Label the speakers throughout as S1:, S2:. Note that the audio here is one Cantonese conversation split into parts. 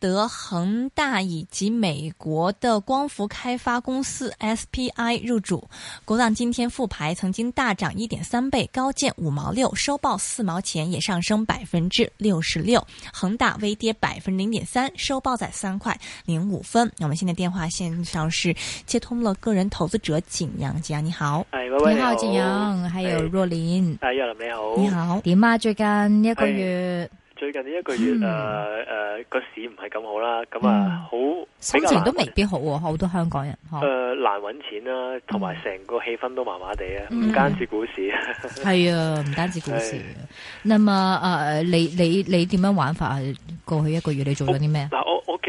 S1: 得恆大以及美國的光伏開發公司 SPI 入主，國浪今天復牌，曾經大漲一點三倍，高見五毛六，收報四毛錢，也上升百分之六十六。恆大微跌百分之零點三，收報在三塊零五分。我們現在電話線上是接通了個人投資者景羊，景羊你好，你好景羊，還有若琳，你
S2: 好，你好，點啊？最近一個月。
S3: 最近呢一個月，誒、誒個市唔係咁好啦，咁啊好心情都未
S2: 必好，好多香港人。誒、呃、
S3: 難揾錢啦、啊，同埋成個氣氛都麻麻地啊，唔單止股市。係、嗯、 啊，唔單止股市。
S2: 咁啊，誒、呃、你你你點樣玩法啊？過去一個月你做咗啲咩？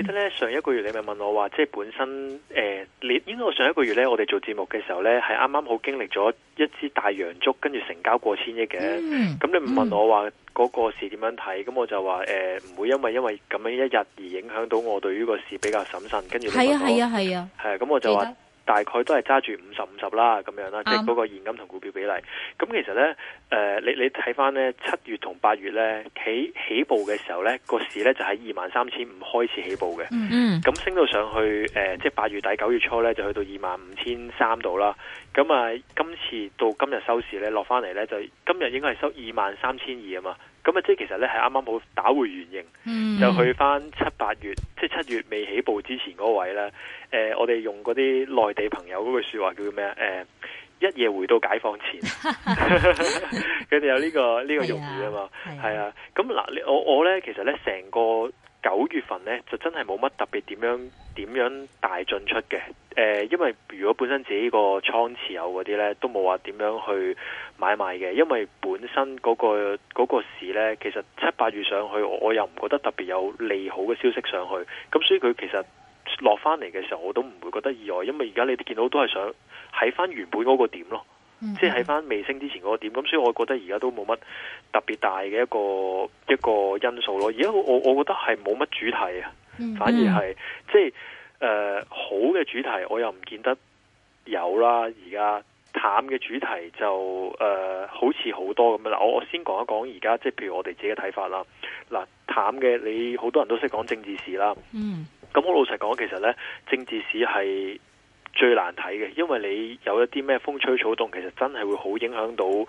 S3: 記得咧，上一個月你咪問我話，即係本身誒、呃，你應該我上一個月咧，我哋做節目嘅時候咧，係啱啱好經歷咗一支大陽燭，跟住成交過千億嘅。咁、嗯、你唔問我話嗰個市點樣睇？咁、嗯、我就話誒，唔、呃、會因為因為咁樣一日而影響到我對於個市比較審慎。跟住你問我，係啊，係啊，係啊。係啊，咁、啊、我就話。大概都係揸住五十五十啦，咁樣啦，即係嗰個現金同股票比例。咁其實呢，誒、呃，你你睇翻，呢七月同八月呢，起起步嘅時候呢，個市呢就喺二萬三千五開始起步嘅。嗯嗯。咁升到上去，誒、呃，即係八月底九月初呢，就去到二萬五千三度啦。咁啊，今次到今日收市呢，落翻嚟呢，就今日應該係收二萬三千二啊嘛。咁、嗯、啊，即、嗯、係其實咧，係啱啱好打回原形，就去翻七八月，即係七月未起步之前嗰位咧。誒、呃，我哋用嗰啲內地朋友嗰句說話叫做咩啊？誒、呃，一夜回到解放前，佢 哋 有呢、呢個呢、呢個用語啊嘛，係啊。咁嗱、啊啊，我我咧，其實咧，成個。九月份呢，就真係冇乜特別點樣點樣大進出嘅，誒、呃，因為如果本身自己個倉持有嗰啲呢，都冇話點樣去買賣嘅，因為本身嗰個嗰個市呢，其實七八月上去，我又唔覺得特別有利好嘅消息，上去，咁所以佢其實落翻嚟嘅時候，我都唔會覺得意外，因為而家你都見到都係想喺翻原本嗰個點咯。即係喺翻未升之前嗰個點，咁所以我覺得而家都冇乜特別大嘅一個一個因素咯。而家我我覺得係冇乜主題啊、嗯，反而係即係誒好嘅主題，我又唔見得有啦。而家淡嘅主題就誒、呃、好似好多咁樣啦。我我先講一講而家，即係譬如我哋自己嘅睇法啦。嗱，淡嘅你好多人都識講政治史啦。嗯，咁我老實講，其實咧政治史係最難睇嘅，因為你有一啲咩風吹草動，其實真係會好影響到誒嗰、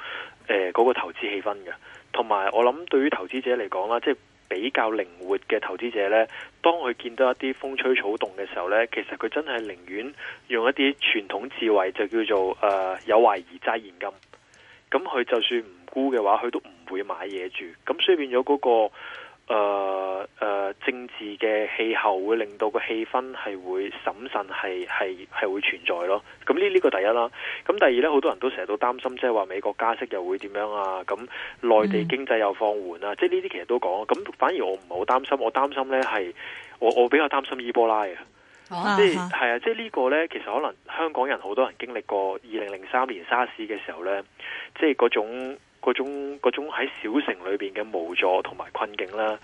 S3: 呃嗰個投資氣氛嘅。同埋，我諗對於投資者嚟講啦，即係比較靈活嘅投資者呢，當佢見到一啲風吹草動嘅時候呢，其實佢真係寧願用一啲傳統智慧，就叫做誒、呃、有懷疑齋現金。咁佢就算唔沽嘅話，佢都唔會買嘢住。咁所以變咗嗰、嗰個。誒、呃、誒、呃，政治嘅氣候會令到個氣氛係會審慎，係係係會存在咯。咁呢，呢個第一啦。咁第二咧，好多人都成日都擔心，即係話美國加息又會點樣啊？咁內地經濟又放緩啊？嗯、即係呢啲其實都講。咁反而我唔係好擔心，我擔心咧係我我比較擔心伊波拉啊，啊，啊。即係係啊，啊，即係呢個咧，其實可能香港人好多人經歷過二零零三年沙士嘅時候咧，即係嗰種。嗰種嗰種喺小城裏面嘅無助同埋困境啦，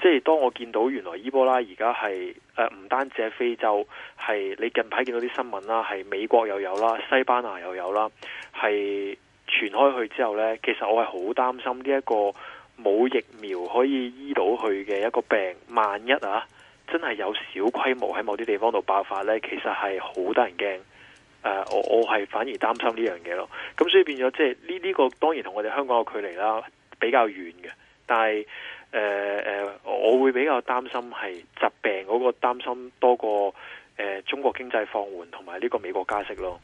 S3: 即係當我見到原來伊波拉而家係誒，唔單止喺非洲，係你近排見到啲新聞啦，係美國又有啦，西班牙又有啦，係傳開去之後呢。其實我係好擔心呢一個冇疫苗可以醫到佢嘅一個病，萬一啊，真係有小規模喺某啲地方度爆發呢，其實係好得人驚。誒、呃，我我係反而擔心呢樣嘢咯，咁所以變咗即係呢，呢個當然同我哋香港嘅距離啦比較遠嘅，但係誒誒我會比較擔心係疾病嗰個擔心多過誒、呃、中國經濟放緩同埋呢個美國加息咯，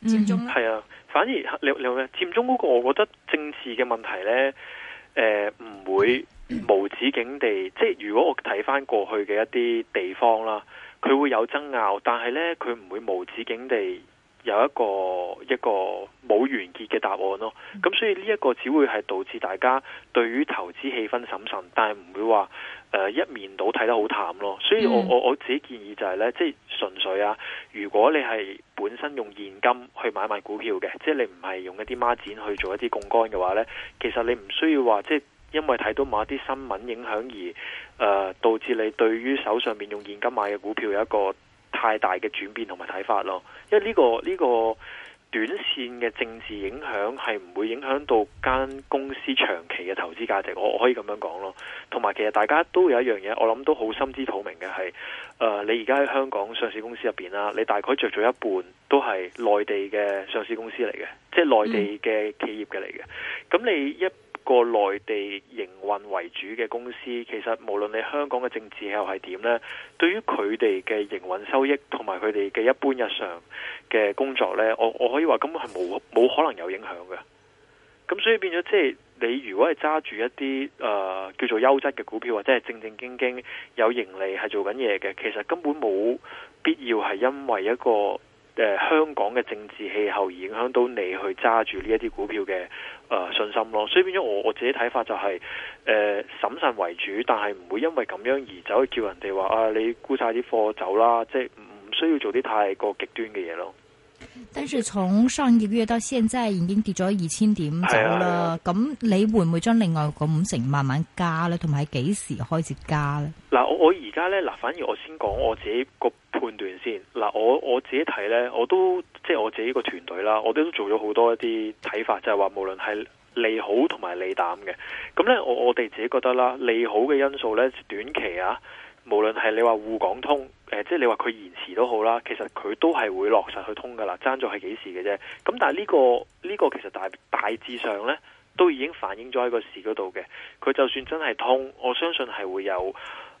S3: 嗯嗯。佔中係啊，反而你你話咩？佔中嗰個我覺得政治嘅問題咧，誒、呃、唔會無止境地，嗯、即係如果我睇翻過去嘅一啲地方啦。佢會有爭拗，但係呢，佢唔會無止境地有一個一個冇完結嘅答案咯。咁所以呢一個只會係導致大家對於投資氣氛審慎，但係唔會話、呃、一面倒睇得好淡咯。所以我我我自己建議就係呢，即係純粹啊，如果你係本身用現金去買賣股票嘅，即係你唔係用一啲孖展去做一啲槓桿嘅話呢，其實你唔需要話即係。因為睇到某一啲新聞影響而誒、呃，導致你對於手上面用現金買嘅股票有一個太大嘅轉變同埋睇法咯。因為呢、呢個呢、呢個短線嘅政治影響係唔會影響到間公司長期嘅投資價值，我可以咁樣講咯。同埋，其實大家都有一樣嘢，我諗都好心知肚明嘅係誒，你而家喺香港上市公司入邊啦，你大概着咗一半都係內地嘅上市公司嚟嘅，即係內地嘅企業嘅嚟嘅。咁、嗯、你一個內地營運為主嘅公司，其實無論你香港嘅政治氣候係點呢，對於佢哋嘅營運收益同埋佢哋嘅一般日常嘅工作呢，我我可以話根本係冇冇可能有影響嘅。咁所以變咗，即係你如果係揸住一啲誒、呃、叫做優質嘅股票，或者係正正經經有盈利係做緊嘢嘅，其實根本冇必要係因為一個誒、呃、香港嘅政治氣候而影響到你去揸住呢一啲股票嘅誒、呃、信心咯，所以變咗我我自己睇法就係、是、誒、呃、審慎為主，但係唔會因為咁樣而走去叫人哋話啊，你沽晒啲貨走啦，即係唔需要做啲太過極端嘅嘢咯。
S2: 但是從上個月到現在已經跌咗二千點咗啦，咁、啊啊、你會唔會將另外個五成慢慢加呢？同埋幾時開始加呢？
S3: 嗱，我我而家呢，嗱，反而我先講我自己個判斷先。嗱，我我自己睇呢，我都即係我自己個團隊啦，我哋都做咗好多一啲睇法，就係、是、話無論係利好同埋利淡嘅。咁呢，我我哋自己覺得啦，利好嘅因素呢，短期啊。無論係你話滬港通，誒、呃、即係你話佢延遲都好啦，其實佢都係會落實去通噶啦，爭咗係幾時嘅啫。咁但係、呢、呢個呢、呢個其實大大致上呢，都已經反映咗喺個市嗰度嘅。佢就算真係通，我相信係會有。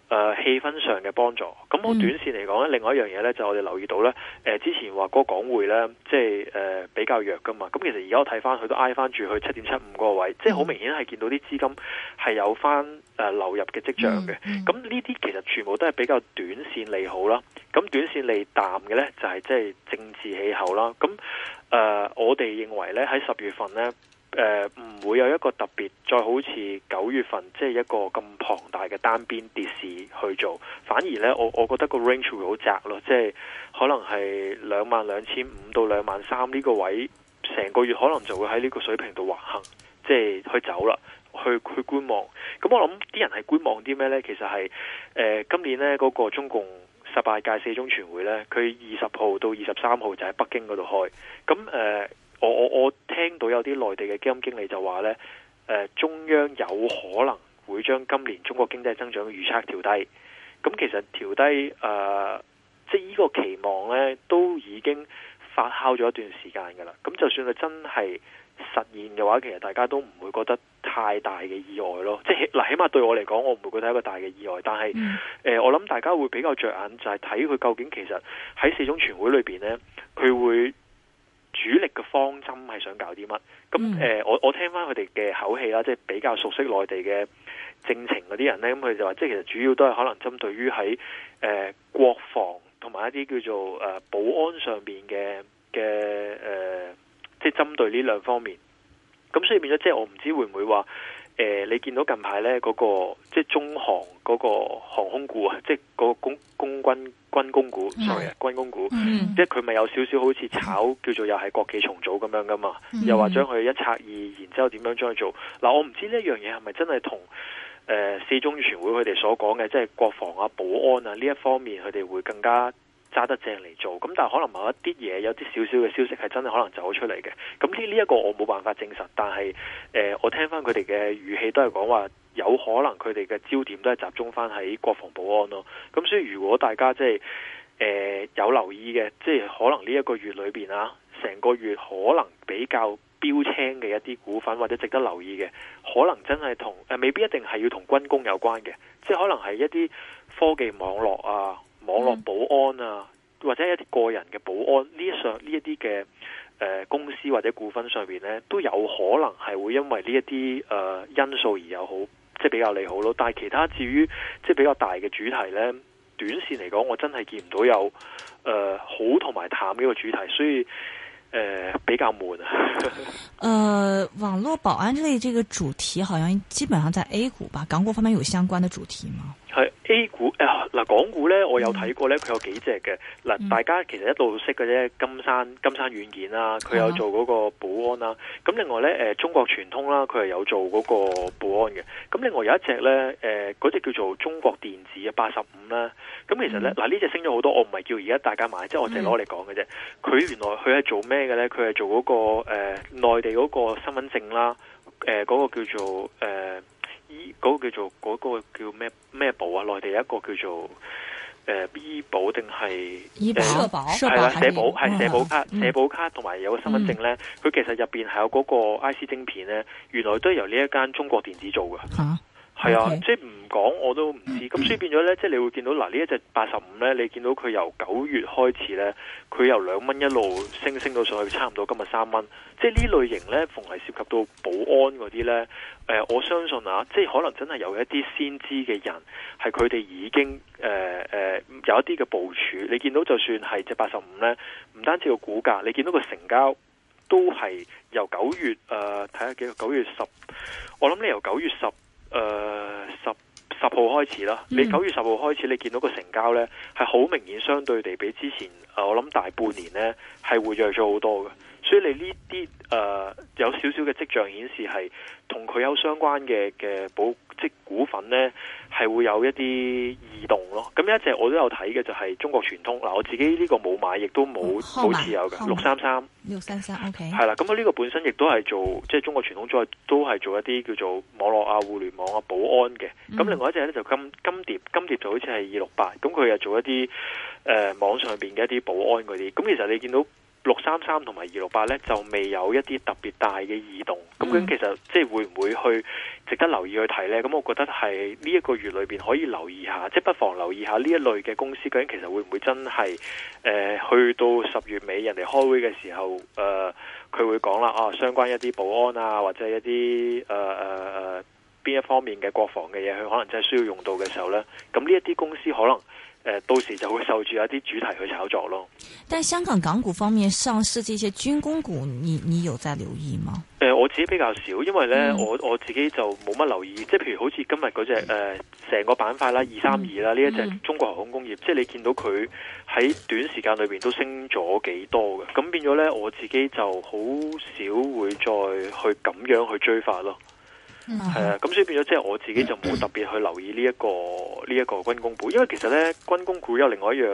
S3: 誒，氣氛上嘅幫助，咁好短線嚟講呢，另外一樣嘢呢，就是、我哋留意到呢。誒、呃，之前話嗰個港匯呢，即係誒比較弱噶嘛，咁其實而家我睇翻佢都挨翻住去七點七五個位，即係好明顯係見到啲資金係有翻誒、呃、流入嘅跡象嘅，咁呢啲其實全部都係比較短線利好啦，咁短線利淡嘅呢，就係即係政治氣候啦，咁誒、呃，我哋認為呢，喺十月份呢，誒、呃、唔會有一個特別再好似九月份即係、就是、一個咁龐大嘅單邊跌市。去做，反而呢，我我覺得個 range 會好窄咯，即係可能係兩萬兩千五到兩萬三呢個位，成個月可能就會喺呢個水平度滑行，即係去走啦，去去觀望。咁我諗啲人係觀望啲咩呢？其實係、呃、今年呢嗰、嗰個中共十八屆四中全會呢，佢二十號到二十三號就喺北京嗰度開。咁誒、呃，我我我聽到有啲內地嘅基金經理就話呢、呃，中央有可能。會將今年中國經濟增長嘅預測調低，咁其實調低誒、呃，即係呢個期望呢，都已經發酵咗一段時間㗎啦。咁就算佢真係實現嘅話，其實大家都唔會覺得太大嘅意外咯。即係起碼對我嚟講，我唔會覺得一個大嘅意外。但係誒、呃，我諗大家會比較着眼，就係睇佢究竟其實喺四中全會裏邊呢，佢會主力嘅方針係想搞啲乜？咁誒、呃，我我聽翻佢哋嘅口氣啦，即係比較熟悉內地嘅。正情嗰啲人咧，咁佢就話，即係其實主要都係可能針對於喺誒國防同埋一啲叫做誒、呃、保安上邊嘅嘅誒，即係針對呢兩方面。咁所以變咗，即係我唔知會唔會話誒、呃，你見到近排咧嗰個即係中航嗰個航空股啊，即係個公公軍軍工股，sorry 軍工股，mm -hmm. 軍工股 mm -hmm. 即係佢咪有少少好似炒叫做又係國企重組咁樣噶嘛？又話將佢一拆二，然之後點樣將佢做？嗱、呃，我唔知呢樣嘢係咪真係同。誒、呃、四中全會佢哋所講嘅，即係國防啊、保安啊呢一方面，佢哋會更加揸得正嚟做。咁但係可能某一啲嘢有啲少少嘅消息係真係可能走出嚟嘅。咁呢呢一個我冇辦法證實，但係誒、呃、我聽翻佢哋嘅語氣都係講話有可能佢哋嘅焦點都係集中翻喺國防保安咯。咁所以如果大家即係誒有留意嘅，即係可能呢一個月裏邊啊，成個月可能比較標青嘅一啲股份或者值得留意嘅。可能真係同誒，未必一定係要同軍工有關嘅，即係可能係一啲科技網絡啊、網絡保安啊，或者一啲個人嘅保安呢一上呢一啲嘅誒公司或者股份上邊呢，都有可能係會因為呢一啲誒因素而有好，即係比較利好咯。但係其他至於即係比較大嘅主題呢，短線嚟講，我真係見唔到有誒、呃、好同埋淡嘅一個主題，所以。誒，比較悶啊。
S1: 呃，網絡保安這類這個主題，好像基本上在 A 股吧。港股方面有相關的主題嗎？
S3: 係 A 股啊嗱，港股咧我有睇過咧，佢有幾隻嘅嗱，大家其實一路識嘅啫，金山、金山軟件啦、啊，佢有做嗰個保安啦、啊。咁另外咧，誒、呃，中國傳通啦，佢係有做嗰個保安嘅。咁另外有一隻咧，誒、呃，嗰隻叫做中國電子85呢呢、嗯、啊，八十五啦。咁其實咧，嗱呢隻升咗好多，我唔係叫而家大家買，即、就、係、是、我淨係攞嚟講嘅啫。佢、嗯、原來佢係做咩嘅咧？佢係做嗰、那個誒、呃、內地嗰個身份證啦、啊，誒、呃、嗰、那個叫做誒。呃醫、那、嗰個叫做嗰、那個叫咩咩保啊？內地有一個叫做誒、呃、醫保定係社保係啦，社保係社保卡，社、嗯、保卡同埋有個身份證咧，佢、嗯、其實入邊係有嗰個 I C 晶片咧，原來都係由呢一間中國電子做㗎吓。啊。
S1: 係啊，okay. 即係唔
S3: 講我都唔知，咁、mm -hmm. 所以變咗呢，即係你會見到嗱呢一隻八十五呢，你見到佢由九月開始呢，佢由兩蚊一路升升到上去，差唔多今日三蚊。即係呢類型呢，逢係涉及到保安嗰啲呢、呃，我相信啊，即係可能真係有一啲先知嘅人，係佢哋已經誒誒、呃呃、有一啲嘅部署。你見到就算係隻八十五呢，唔單止個股價，你見到個成交都係由九月誒睇下幾，九、呃、月十，我諗你由九月十。誒，十十號開始啦，你九月十號開始，你見到個成交咧，係好明顯相對地比之前，我諗大半年咧係活躍咗好多嘅。所以你呢啲誒有少少嘅跡象顯示係同佢有相關嘅嘅保即股份呢，係會有一啲異動咯。咁一隻我都有睇嘅就係、是、中國傳通嗱、呃，我自己呢個冇買，亦都冇冇持有嘅六三三六三三。O、嗯、
S1: K。
S3: 係啦，咁、嗯、呢、okay. 個本身亦都係做即係、就是、中國傳通，再都係做一啲叫做網絡啊、互聯網啊、保安嘅。咁另外一隻呢，就金金蝶，金蝶就好似係二六八，咁佢又做一啲誒、呃、網上面嘅一啲保安嗰啲。咁其實你見到。六三三同埋二六八呢，就未有一啲特別大嘅異動，咁究竟其實即係會唔會去值得留意去睇呢？咁我覺得係呢一個月裏邊可以留意一下，即係不妨留意一下呢一類嘅公司，究竟其實會唔會真係、呃、去到十月尾人哋開會嘅時候，佢、呃、會講啦，啊相關一啲保安啊或者一啲誒誒誒邊一方面嘅國防嘅嘢，佢可能真係需要用到嘅時候呢。咁呢一啲公司可能。誒、呃，到時就會受住一啲主題去炒作咯。
S1: 但香港港股方面上市這些軍工股，你你有在留意嗎？
S3: 誒、呃，我自己比較少，因為咧、嗯，我我自己就冇乜留意。即係譬如好似今日嗰隻誒，成個板塊啦，二三二啦，呢一隻中國航空工業，即係你見到佢喺短時間裏邊都升咗幾多嘅，咁變咗咧，我自己就好、呃嗯嗯、己就少會再去咁樣去追發咯。係啊，咁 所以變咗即係我自己就冇特別去留意呢、這、一個呢一、這個軍工股，因為其實咧軍工股有另外一樣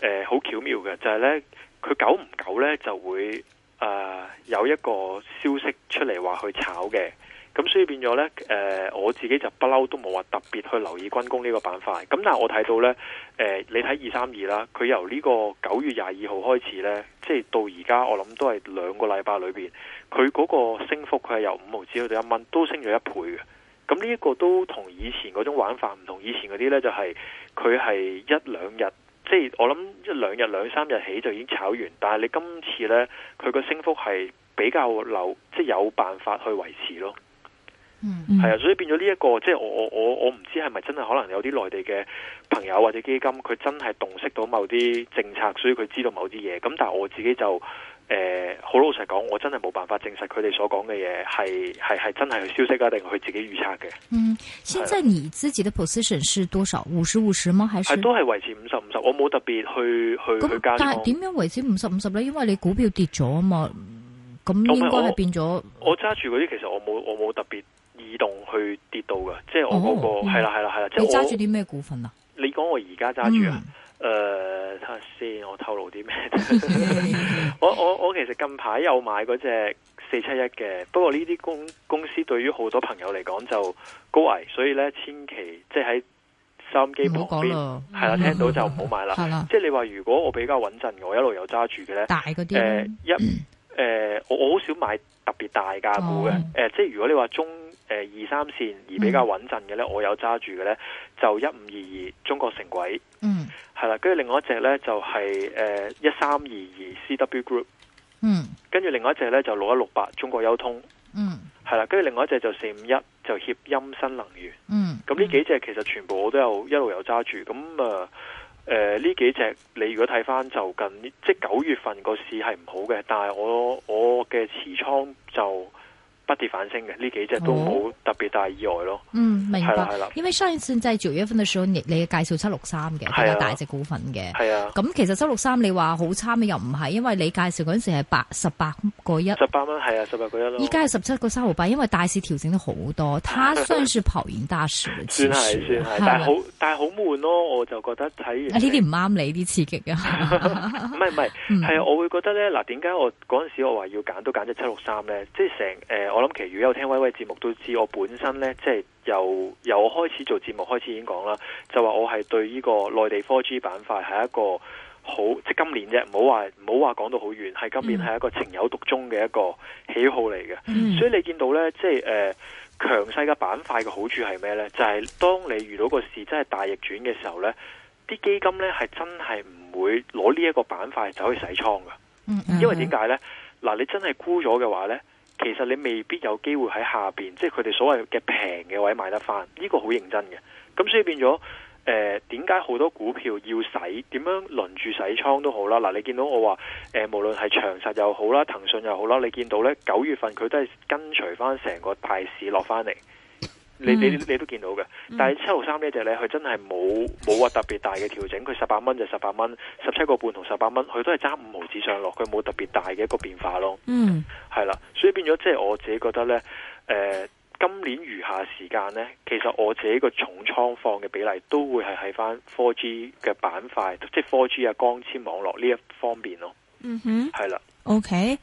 S3: 誒好、呃、巧妙嘅就係、是、咧，佢久唔久咧就會誒、呃、有一個消息出嚟話去炒嘅。咁所以變咗呢，誒、呃、我自己就不嬲都冇話特別去留意軍工呢個板塊。咁但係我睇到呢，誒、呃、你睇二三二啦，佢由呢個九月廿二號開始呢，即係到而家我諗都係兩個禮拜裏邊，佢嗰個升幅佢係由五毫紙去到一蚊，都升咗一倍嘅。咁呢一個都以同以前嗰種玩法唔同，以前嗰啲呢，就係佢係一兩日，即、就、係、是、我諗一兩日、兩三日起就已經炒完。但係你今次呢，佢個升幅係比較流，即、就、係、是、有辦法去維持咯。嗯，係啊，所以變咗呢一個，即、就、係、是、我我我我唔知係咪真係可能有啲內地嘅朋友或者基金，佢真係洞悉到某啲政策，所以佢知道某啲嘢。咁但係我自己就誒，好、呃、老實講，我真係冇辦法證實佢哋所講嘅嘢係係係真係消息啊，定係佢自己預測嘅。嗯，現在
S2: 你自己嘅 position 是多少？五十五十嗎？還是？係都
S3: 係維持五十五十，我冇特別去去去加。但係點
S2: 樣維持五十五十呢？因為你股票跌咗啊嘛，咁應該係變咗。
S3: 我揸住嗰啲，其實我冇我冇特別。移動去跌到嘅，即係我嗰、那個係啦係啦係啦。你揸住
S2: 啲咩股份啊？
S3: 你講我而家揸住啊？誒、嗯，睇下先，我透露啲咩？ 我我我其實近排有買嗰隻四七一嘅，不過呢啲公公司對於好多朋友嚟講就高危，所以咧千祈即係喺收音機旁邊係啦，聽到就唔好買啦、嗯。即係你話如果我比較穩陣，我一路有揸住嘅咧，大嗰啲誒一誒、呃，我我好少買特別大價股嘅，誒、哦呃，即係如果你話中。誒、呃，二三線而比較穩陣嘅咧，我有揸住嘅咧，就一五二二中國城軌，嗯，係啦，跟住另外一隻咧就係誒一三二二 CW Group，嗯，跟住另外一隻咧就六一六八中國優通，嗯，係啦，跟住另外一隻就四五一就協鑫新能源，嗯，咁呢幾隻其實全部我都有一路有揸住，咁啊，誒、呃、呢、呃、幾隻你如果睇翻就近即係九月份個市係唔好嘅，但係我我嘅持倉就。不跌反升嘅呢幾隻都冇特別大意
S2: 外咯。嗯，明白。因為上一次在除你你介紹七六三嘅比較大隻股份嘅。係啊。咁其實七六三你話好差嘅又唔係，因為你介紹嗰陣時係八十八個一。十
S3: 八蚊係啊，十八個一咯。依家
S2: 係十七個三毫八，因為大市調整得好多，它 算是跑贏大市算係
S3: 算係，但係好但係好悶咯，我就覺得睇呢啲
S2: 唔啱你啲刺激嘅。
S3: 唔係唔係，係、嗯、我會覺得咧嗱，點解我嗰時我話要揀都揀咗七六三咧？即係成我諗，其實如果有聽威威的節目都知，我本身咧，即係由由開始做節目開始已經講啦，就話我係對呢個內地科技板塊係一個好，即今年啫，唔好話唔好話講到好遠，係今年係一個情有獨鍾嘅一個喜好嚟嘅、嗯。所以你見到咧，即係誒、呃、強勢嘅板塊嘅好處係咩咧？就係、是、當你遇到個市真係大逆轉嘅時候咧，啲基金咧係真係唔會攞呢一個板塊走去洗倉噶、嗯嗯。
S2: 因為點解
S3: 咧？嗱，你真係沽咗嘅話咧？其實你未必有機會喺下邊，即係佢哋所謂嘅平嘅位買得翻，呢個好認真嘅。咁所以變咗，誒，點解好多股票要洗？點樣輪住洗倉都好啦。嗱，你見到我話，誒，無論係長實又好啦，騰訊又好啦，你見到呢九月份佢都係跟隨翻成個大市落翻嚟。你你你都見到嘅，mm -hmm. 但係七號三隻呢隻咧，佢真係冇冇話特別大嘅調整，佢十八蚊就十八蚊，十七個半同十八蚊，佢都係爭五毫紙上落，佢冇特別大嘅一個變化咯。嗯，係啦，所以變咗即係我自己覺得咧，誒、呃，今年餘下時間咧，其實我自己個重倉放嘅比例都會係喺翻科技嘅板塊，即係科技啊、光纖網絡呢一方面咯。嗯、mm、哼 -hmm.，係啦
S2: ，OK。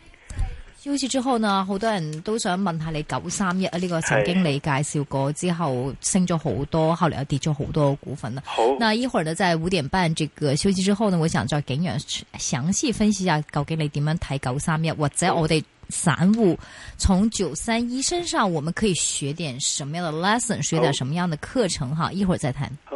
S2: 休息之後呢，好多人都想問下你九三一啊，呢個曾經你介紹過之後升咗好多，後嚟又跌咗好多股份啦。好，那一會兒呢，在五點半這個休息之後呢，我想再景羊詳細分析一下究竟你點樣睇九三一，或者我哋散戶從九三一身上我們可以學點什麼樣的 lesson，學點什麼樣的課程哈？一會兒再談。好。